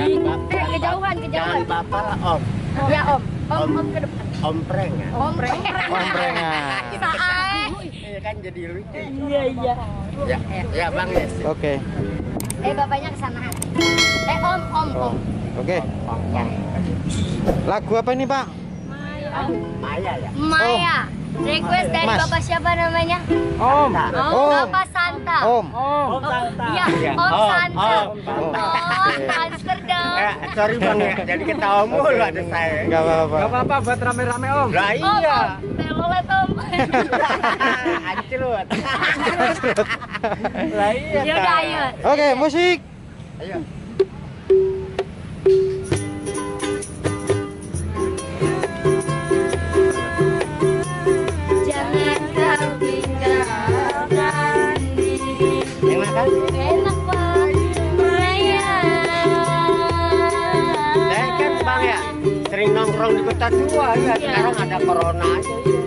jangan iya. Eh, kejauhan, kejauhan. Jangan lah, Om. Oh. Ya, Om. Om, Om, om ke depan. Ya? Om preng Om preng. Om iya, preng. kan jadi lucu. Iya, iya, iya. Ya, ya Bang ya. Oke. Okay. Eh, bapaknya ke sana. Eh, Om, Om, Om. Oke. Okay. Lagu apa ini, Pak? Maya. Maya ya. Maya. Oh. Request dari Mas. Bapak siapa namanya? Om. Om. Oh. Bapak Santa. Om. Om. Om Santa. Iya, iya, Om, Om Santa. Om, Om. Om Amsterdam. Eh, sorry Bang ya, jadi kita om mulu ada saya. Enggak apa-apa. Enggak apa-apa buat rame-rame Om. Lah iya. Telolet Om. Ancelut. Lah iya. Ya udah ayo. Oke, musik. Ayo. Iya. di dua ya sekarang ada corona aja ya.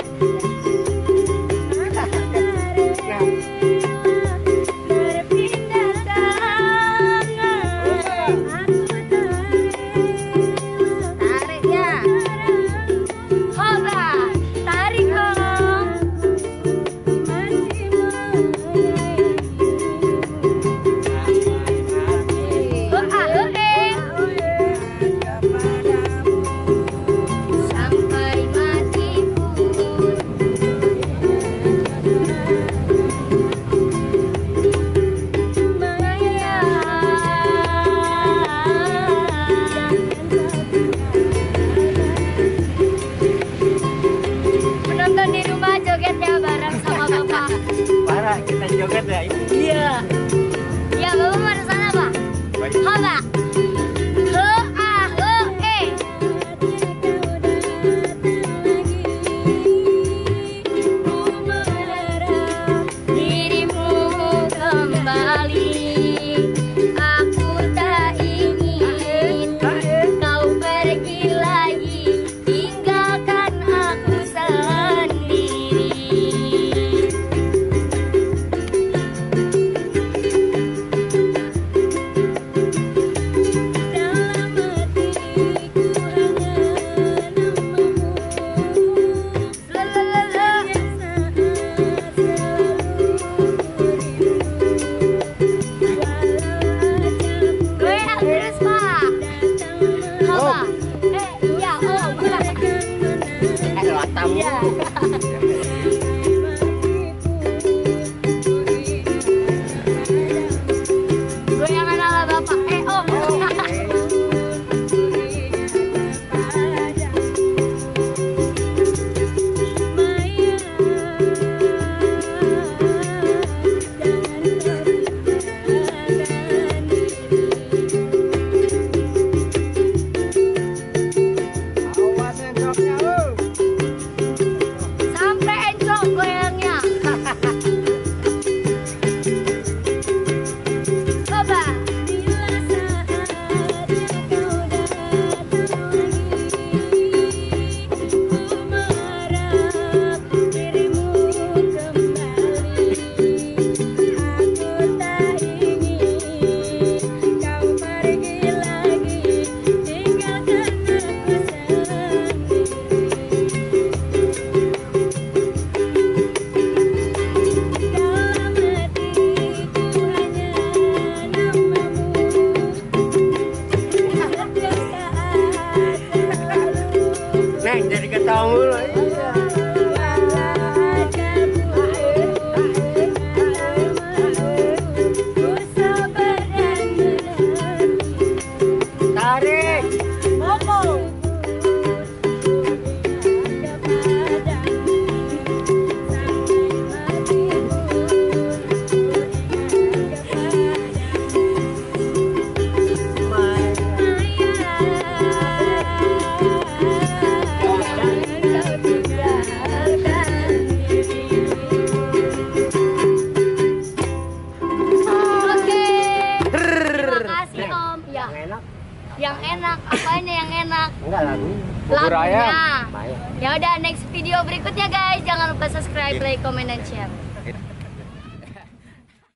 again. enak apanya yang enak enggak lagunya ya udah next video berikutnya guys jangan lupa subscribe like comment dan share